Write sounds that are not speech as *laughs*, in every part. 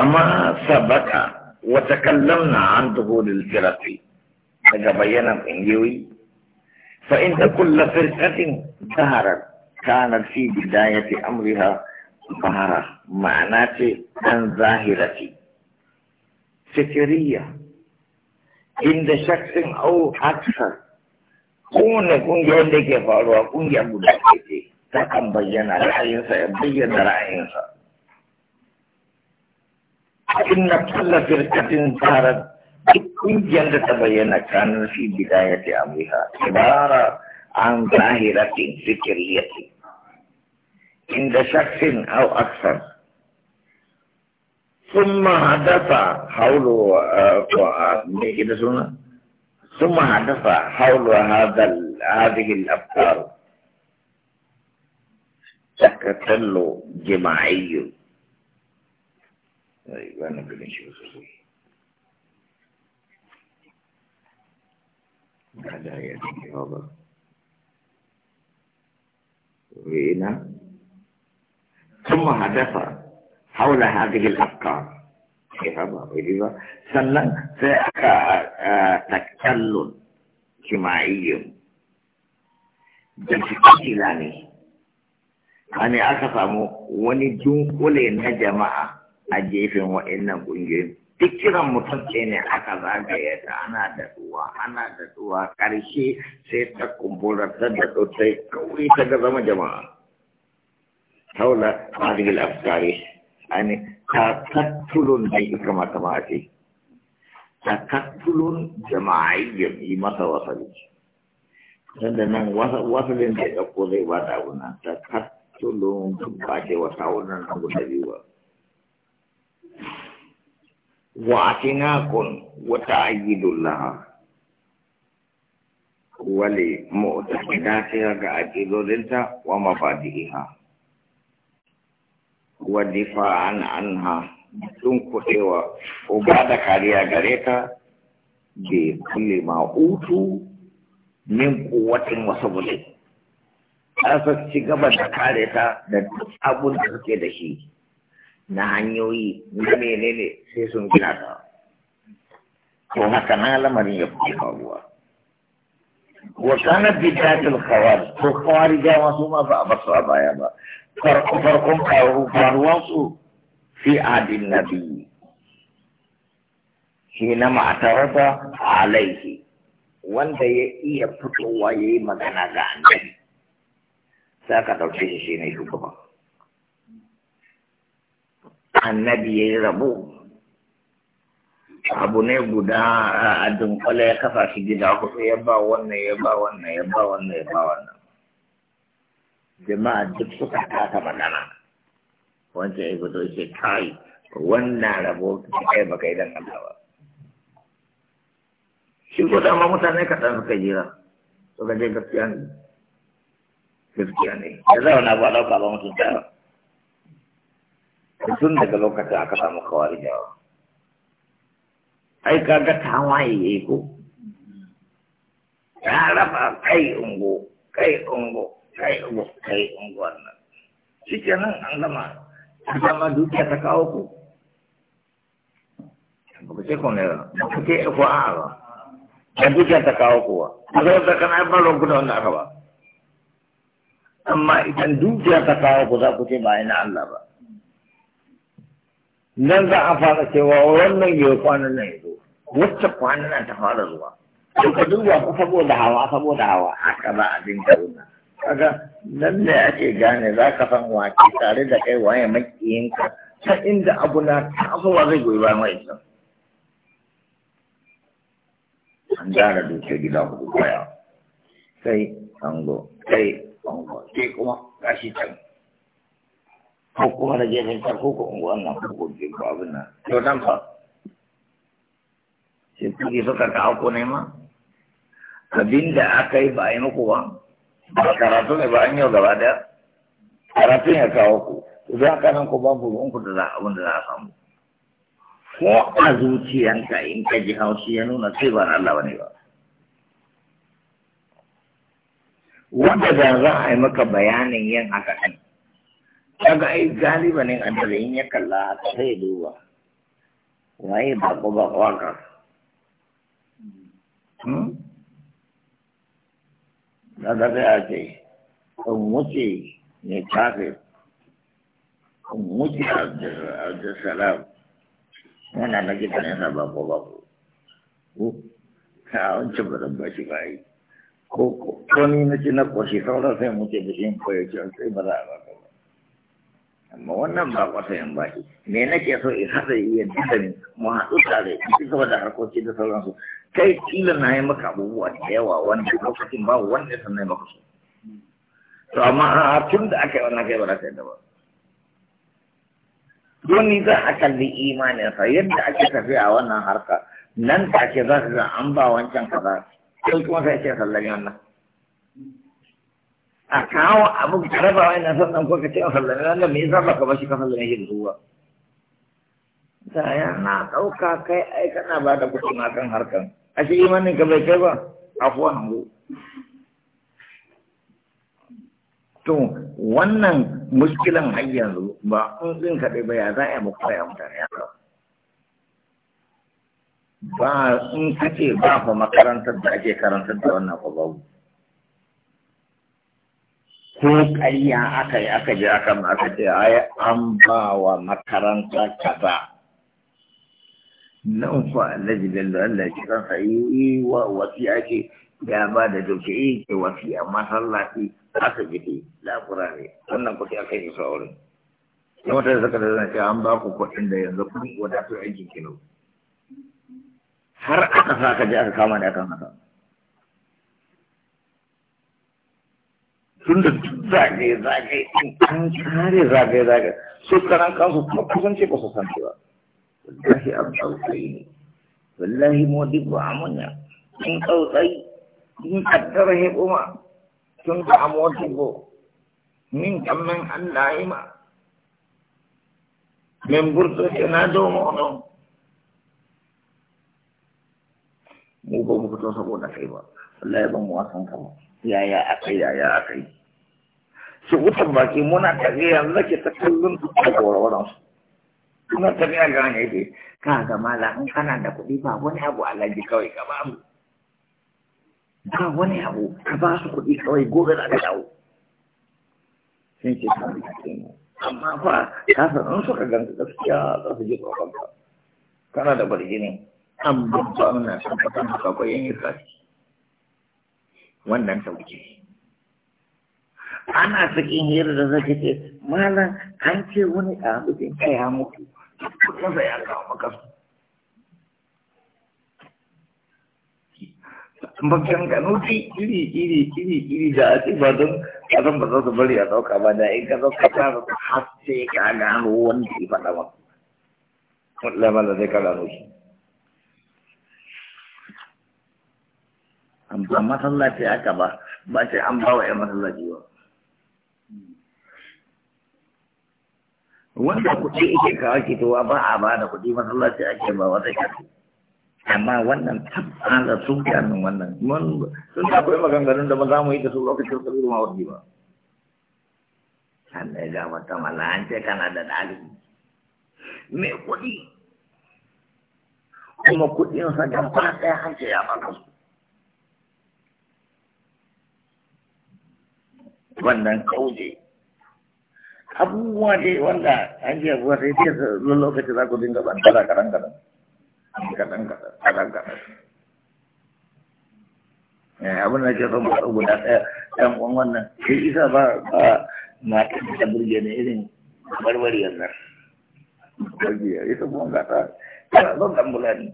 كما سبق وتكلمنا عن دخول الفرق بينا بنجوي فإن كل فرقة ظهرت كانت في بداية أمرها ظهرة معناته ان ظاهرة فكرية عند شخص أو أكثر كون كون da فاروق كون kungiyar guda ce ta kan bayyana ra'ayinsa ya bayyana ra'ayinsa إن كل فرقة صارت كل تبين كان في بداية أمرها عبارة عن ظاهرة فكرية عند شخص أو أكثر ثم حدث حول آه، ثم حدث حول هذا هذه الأفكار تكتل جماعي طيب أنا بني شو سوي هذا يعني هذا وهنا ثم هدف حول هذه الأفكار في إيه هذا وهذا إيه سنن آه، تكتل اجتماعي جمعي لاني أنا أكثر وني جنقل نجماعه a gefen wa'annan ƙungiyoyin duk kiran mutum ɗaya ne aka zagaye ta ana da duwa ana da duwa ƙarshe sai ta kumbura ta da ta kawai ta ga zama jama'a haula hadhihi al-afkari ani takattulun da ya kamata ma a ce takattulun jama'iyyun yi masa wasali sanda nan wasalin da ya ɗauko zai ba da ta takattulun ba ce wasa wannan abu da biyu ba Wa'akin nakon wata a gidurraha. Wale motsa gidajen har ake dole ta, wa mafadin ha. Wa difa an'anha, duk kun kariya ga leta, da kalli mahutu, min ku watin wasu bule. Ta sasci gaba da ƙare ta da ta ƙunƙace da shi. na hanyoyi na menene sai sun gina ta to haka na lamarin ya fi faruwa wa kana bidatul khawar to khawar ga wasu ma ba a su baya ba farko farkon faruwar su fi adin nabi shi na ma'atarata alaihi wanda ya iya fitowa ya yi magana ga annabi sai ka ɗauke shi shi ne ba. annabi ya yi rabo abu ne guda a dunkule ya kafa shi gida hudu ya ba wannan ya ba wannan ya ba wannan ya ba wannan jama'a duk suka kasa magana wancan ya fito ce kai wannan rabo kai baka yi dan Allah ba shi ko dama mutane kaɗan suka jira suka je gaskiya ne gaskiya ne da zauna ba ɗauka ba mutum tara tun daga lokacin aka samu kawari jawa ai kaga tawaye yayi ko ya raba kai ungo kai ungo kai ungo kai ungo wannan shikenan an gama an gama dukiya ta kawo ku ba ce ko ba ku ce a ba da dukiya ta kawo ku ba a zai da kana ba ron kuna wanda aka ba amma idan dukiya ta kawo ku za ku ce ba ina Allah ba nan za a fara cewa wannan ya kwanan nan ya wacce kwanan nan ta fara zuwa duk ka duba ku saboda hawa saboda hawa haka ba a dinka wannan kaga nan ne ake gane za ka san wace tare da kai waye makiyinka ta inda abu na tasowa zai goyi bayan wa'ancan an gyara dukiyar gida hudu baya sai ango sai ango sai kuma gashi can ko kuma da gefen ta ko ko unguwan nan ko abin nan to dan fa sai kuke suka kawo ko ne ma abinda aka yi ba a yi muku ba karatu ne ba an yau gaba daya karatu ya kawo ku idan aka nan ku ba ku ruwan ku da abin da za a samu ko a zuciyanka in ka ji haushi ya nuna sai ba na Allah ba ne ba wanda da za a yi maka bayanin yin haka ɗin kaga ai galiba ne an in ya kalla sai duba waye ba ko ba waka hmm da da ya ce ko muke ne tafi ko muke da salam wannan da kita ne ba ko ba ko ha wancan ba ba shi ba ko ko ni na ce na ko shi sauran sai mutse da shi ko ya ce sai ba za a ba amma wannan ba kwata yan baki me nake so in hada iya ni mu hadu tare ki gaba da harkoki da sauransu kai kila na yi maka abubuwa da yawa wanda lokacin ba wanda sannan maka so to amma a tun da aka yi wannan kai ba za ka yadda ba wani za a kalli imaninsa yadda ake tafiya a wannan harka nan take za ka ga an ba wancan kaza sai kuma sai ke sallami wannan a kawo abin ka raba wa ina sassan ko ka ce a sallame wannan me yasa ba ka bashi ka sallame shi da zuwa da ya na ɗauka kai ai kana ba da kuɗi ma kan harkan ashe imanin ka bai kai ba afuwan hango to wannan muskilan har yanzu ba in ɗin kaɗai ba ya za a yi muku ya mutane ya ba in kace ba fa makarantar da ake karantar da wannan ko babu ko ƙarya aka yi aka je aka aka ce ai an ba wa makaranta kaza nan fa Alhaji Bello Allah ya kira sa yi wa wasiya ce ya ba da doke yi eh, ke wasiya masallaci asibiti labura ne wannan kuke aka yi su wurin ya mutane suka da zan ce an ba ku kuɗin da yanzu kun wadatu aikin kino har aka sa aka je aka kama ne akan haka tun da duk zagaye-zagaye in an kansu kuma kusance ba su san cewa wallahi abu tsautsayi ne wallahi modi ba amunya in tsautsayi in kaddara he tun da min na mu kai ba wallahi ban wasan kama yaya akai, yaya akai, yi su wutan baki muna tafiya yanzu nake ta kallon dukkan kawarwaran su kuma tafiya ga hanyar ke ka ga mala in kana da kuɗi ba wani abu alaji kawai ka ba mu ba wani abu ka ba su kuɗi kawai gobe za ka dawo sun ce ta bi cikin amma fa ka san in suka ganka gaskiya za su ji tsoron ka kana da barjini an bukwa muna san fatan da kakwayen yi kasi wannan sauki ana cikin hira da zaka ce malam an ce wani ɗalibin ka ya mutu kudinsa ya kawo maka su maganganu dai iri iri iri iri da ce ba don kasan ba za su bari a sauka ba da in ka zo ka tara har sai ka gano wanda ya faɗa ba. Wallah ba da zai ka gano shi. ba masallaci aka ba ba sai an ba wa ya masallaci ba wanda kuɗi ake kawo kitowa ba a ba da kuɗi masallaci ake ba wata shafi amma wannan da sun fi annin wannan sun da maganganun da ba za mu yi da su lokacin sabiru ma wasu ba sannan ga gabata mala an ce kana da dalibi mai kuɗi kuma kuɗin sa gaba ɗaya an ce ya baka su wannan kauje abubuwa dai wanda an ji abuwa sai ce su lokaci za ku dinga bantara kaɗan kaɗan kaɗan kaɗan kaɗan eh, abin da ke son ba guda ɗaya ɗan uwan wannan sai isa ba ba matan ta burge ne irin barbariyar nan barbariyar ita kuma ga ta tana zon ɗan bulani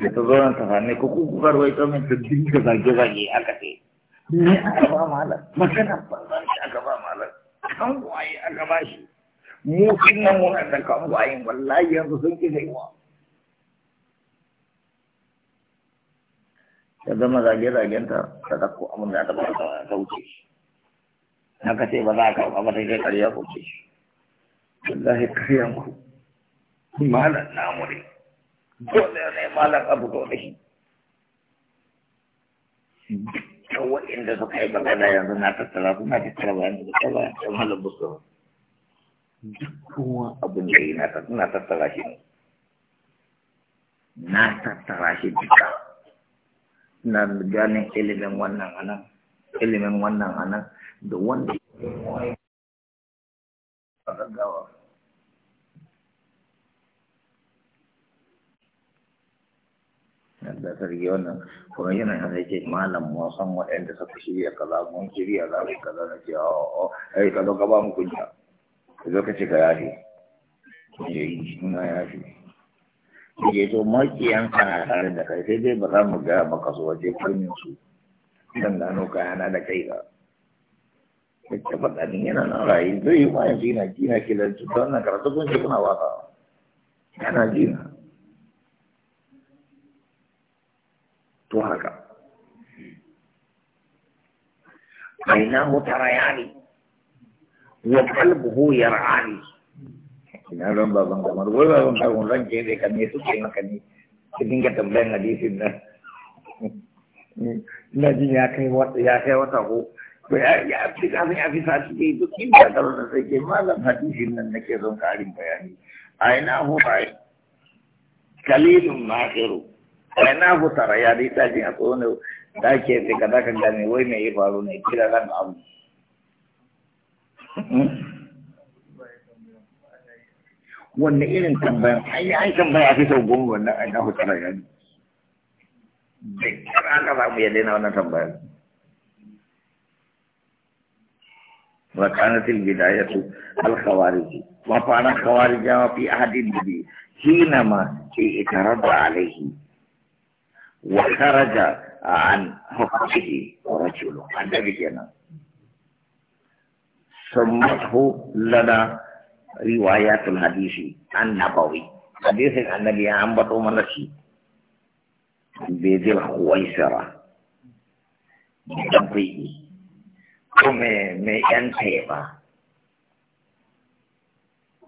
da ta zo nan ta sami ko kuka ruwaito min ta dinga zage-zage aka ce me aka ba malam magana ban shi aka ba malam kan waye aka ba shi mu kin nan muna da kan waye wallahi yanzu sun ki gaiwa ta zama zage-zagen ta ta dako amin da ta ba ta wuce shi haka ce ba za ka ba ta kai ƙarya ko ce shi wallahi ƙaryan ku malam namu ne dole ne malam abu dole shi yau waɗanda suka yi magana yanzu na tattara suna tattara bayan da tattara bayan shi ne na tattara shi duka na ganin ilimin wannan anan ilimin wannan anan da da sarki wannan kuma yana yana ce malam mu san waɗanda suka shirya kaza mun shirya za mu kaza na ce o oh, oh, oh, ai ka zo ka ba mu kunya ka zo ka ce ka yafe ya yi na yafe ya to makiyan kana tare da kai sai dai ba za mu ga maka so waje kurmin su dan gano kayana da kai ba ta faɗa ni yana nan rayu zai yi ma yanzu yana jina kilan cutar wannan karatu kun ce kuna wasa yana gina. to haka عيناه ترياني ya ra'ani? ina ran baban kamar wai baban kamar ran ke zai kan yesu ke maka ne ki dinga tambayan hadisin nan ina jin ya kai wata ya kai wata ko ko ya ya fi kafin ya fi sati dai duk inda da ran sai ke malam hadisin nan nake son karin bayani aina hu bai kalilun makiru kai na fitara ya dai ɗakin a tsohon da ke sai ka zaka gane wai mai ya faru ne kira ran abu hmm? wanne irin tambayan an yi tambaya a sau goma wannan an na fitara ya ne da kira aka samu ya daina wannan tambayan وكانت البداية الخوارج وفعل الخوارج في أحد النبي حينما اعترض عليه وخرج عن حكمه رجل ذلك جنا سمته لنا روايات الحديث النبوي حديث النبي عن بطو منشي بذي الخويسرة بطبيعي كما ينتهي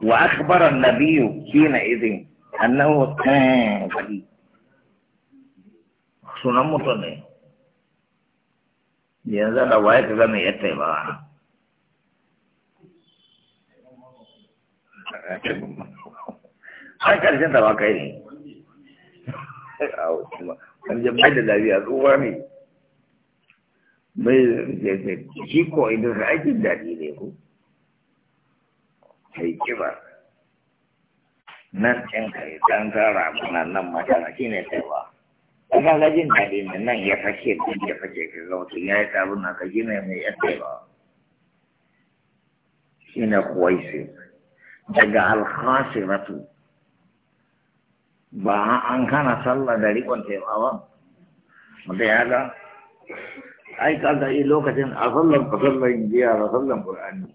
وأخبر النبي حينئذ أنه كان فريق sunan mutum ne yanzu da waye ka zama ya taimawa har karshen ta ba kai ne an je bai da lafiya tsuwa ne mai shi ko idan sa aikin daɗi ne ku sai kiba nan ɗin kai ɗan tara kuna nan mata shi ne taiwa daga gajin daɗi mai nan ya fashe ɗin ya fashe ka ga wata ya yi sabon na kaji mai mai yadda ba shi na kuwaisi daga alhasiratu ba an hana sallah da rikon taimawa wanda ya ga ai ka ga lokacin a sallan ka sallan jiya ba sallan qur'ani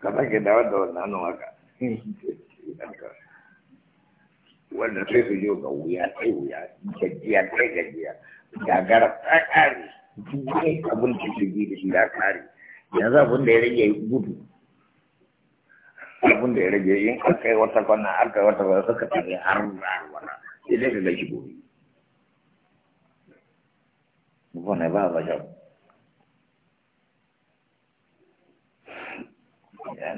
ka sake dawo da wannan haka *laughs* wanda sai su yau ga wuya sai wuya gajiya sai gajiya gagara ta kare duk abin da ke da shi ya kare yanzu abin da ya rage gudu abin da ya rage in yi wata kwana aka wata kwana suka tafi har wana sai dai ka shi gobe bane ba ba jau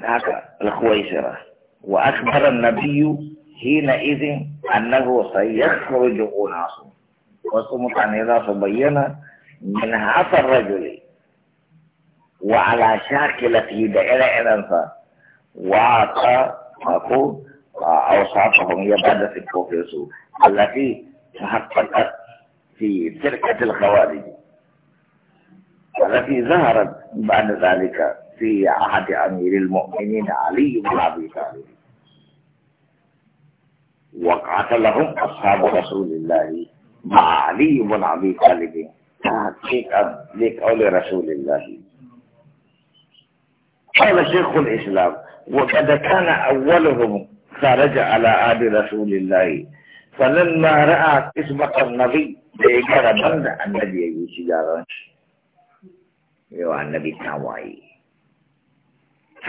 haka alkhuwaisira wa akbar nabiyyu حينئذ أنه سيخرج أناس وصمت عن إذا بين من هذا الرجل وعلى شاكلته دائرة إلى وأعطى أقول أوصافهم يبادة في الكوفيسو التي تحققت في تركة الخوارج التي ظهرت بعد ذلك في عهد أمير المؤمنين علي بن أبي طالب وقاتلهم أصحاب رسول الله مع علي بن أبي طالب تحقيقا لقول رسول الله قال شيخ الإسلام وقد كان أولهم خرج على آل رسول الله فلما رأى قسمة النبي بإجارة بند النبي يجي شجارة يو النبي تاواي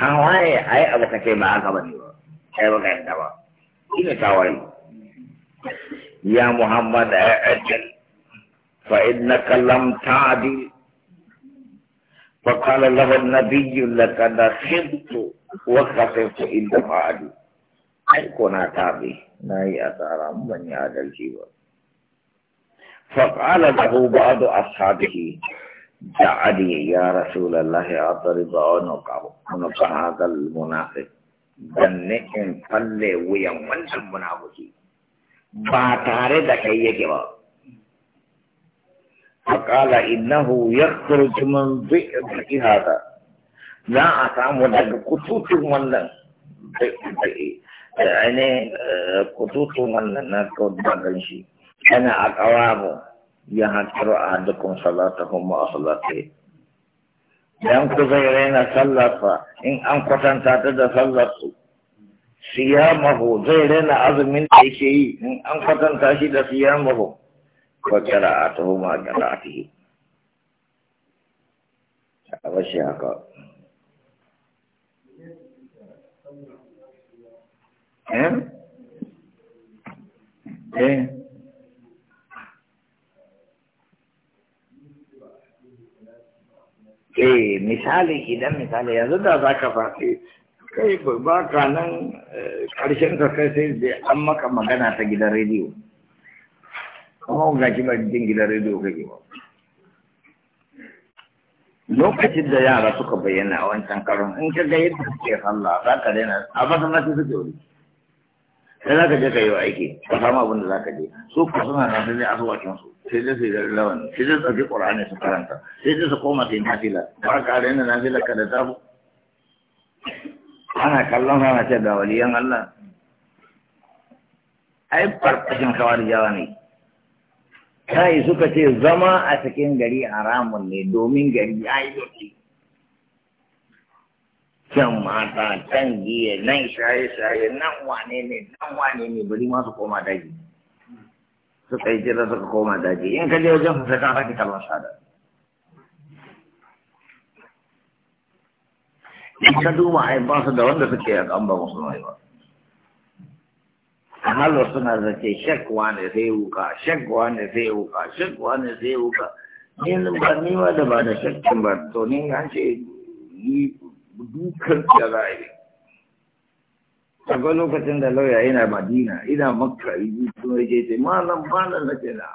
تاواي أي أبو كتير ما أكبر يو أبو كتير إلى تاوي يا محمد أعجل فإنك لم تعدل فقال له النبي لقد خبت وخسرت إن فعلي أي كنا تابي ناي أتارم من هذا الجيوان فقال له بعض أصحابه دعني يا رسول الله أضرب عنقه عنق هذا المنافق dan ne'in falle wuyan wancan munafiki ba tare da kai yake ba faƙala innahu yaqtulu min bi'ati hada za a samu daga kututun wannan da ne kututun wannan na kodan shi yana aqawabu ya hatara a salatuhum wa salatuhum dan ku zai raina sallarsa in an kwatanta ta da sallarsu siyamahu zai raina azumin da yake yi in an kwatanta shi da siyamahu Ko kira a taho ma qira'atihi abashi haka eh eh eh misali idan misali yanzu da za ka faɗi kai ba ka nan eh, ƙarshen ka kai sai da an maka magana ta gidan rediyo kuma ga ki ba jin gidan rediyo kake ba lokacin da yara suka bayyana a wancan karon in ka ga yadda suke sallah za ka daina a masu suke wuri sai za ka je ka yi wa aiki ka samu abin da za ka je su ku suna nan sai a asuwakin su sai dai su yi lawan sai dai su tsaki ƙur'ani su karanta sai dai su koma su yi nafila ba ka da yana nafila ka da tabu ana kallon ana ce ga waliyan Allah ai farfashin kawar jawa ne kai suka ce zama a cikin gari haramun ne domin gari ya yi dotti can mata can giya nan shaye-shaye nan wane ne nan wane ne bari ma su koma daji suka yi jira suka koma daji in ka je wajen su kan sake kallon shada in ka duba ai ba su da wanda suke a kan ba musulmai ba a halar suna zace shek ne sai wuka shek ne sai wuka shek ne sai wuka ni ba ni ma da ba da shakkin ba to ni an ce dukan ya a yi akwai lokacin da lauya yana madina ina makka yi sun rage ce malam malam na ce na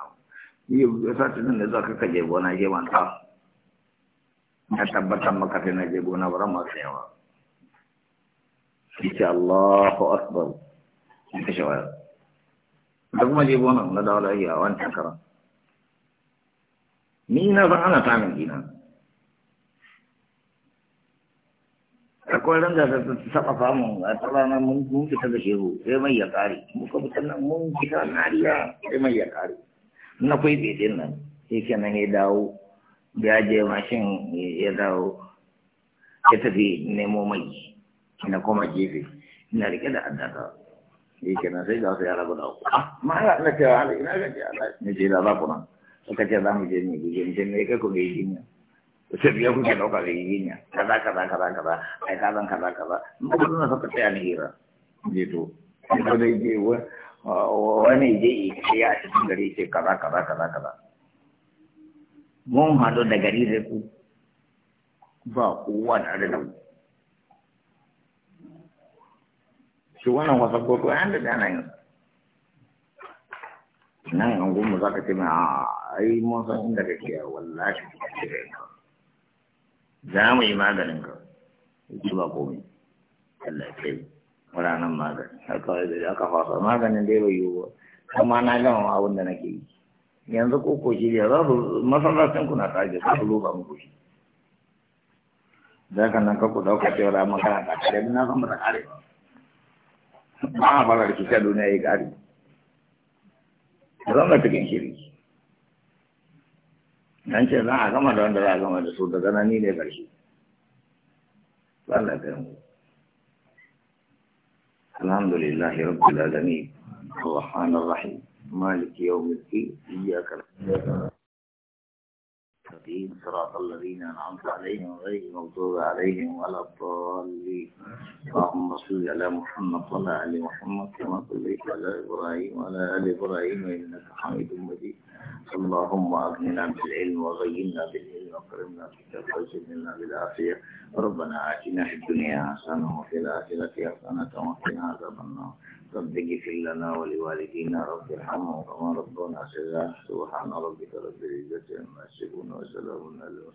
yi sati nan da za ka kaje gona je manta na tabbatar maka sai na je gona bara masu yawa insha Allahu akbar ta shawara da kuma je gona na dawo lafiya wancan karan ni na ba ana samun gina akwai ran da ta taɓa famun a tsarana mun fita da shehu sai mai ya ƙare muka fita nan mun fita nariya sai mai ya ƙare na kwai ɗaiɗin nan sai kenan ya dawo ya je mashin ya dawo ya tafi nemo mai na koma gefe ina rike da addaka sai kenan sai ga su ya rabu da ku ah, ma ya na cewa ah, ina ga ce ala ne ce da za ku nan suka ce za mu je ne guje mu je ne kai ku ga yi jinya sai biya kuke ɗauka da yi ne kaza kaza kaza kaza ai ka zan kaza kaza mun kuma saka tsaya ne hira je to ko dai je wani je yi a cikin gari ce kaza kaza kaza kaza mun hado da gari da ku ba kowa na da ku shi wannan wasa ko ko an da dana yin nan an gumu zaka ce mai a ai mun san inda kake wallahi kake da za mu yi maganin ka ji ba komai Allah ya kai ranar magani haka da aka fasa maganin dai bai yiwu amma na gama abin da nake yi yanzu ko ko shi ya zabu masallacin ku na tsage ka ku loba muku shi da kan nan ka ku dauka cewa ra magana ta kare na san ba kare ba ba ba ki ta duniya yi kare zan ga cikin shiri nan ce za a gama da wanda za a gama da su daga nan ni ne ƙarshe Allah ya mu alhamdulillah rabbil alamin الرحمن الرحيم مالك يوم الدين إياك المستقيم صراط الذين أنعمت عليهم غير المغضوب عليهم ولا الضالين اللهم صل على محمد وعلى آل محمد كما صليت على إبراهيم وعلى آل إبراهيم إنك حميد مجيد اللهم أغننا بالعلم وغينا بالعلم وكرمنا بك وزدنا بالعافية ربنا آتنا في الدنيا حسنة وفي الآخرة حسنة وقنا عذاب النار ربك اغفر لنا ولوالدينا رب ارحمهم كما ربنا صغارا سبحان ربك رب العزة عما يصفون وسلام على المرسلين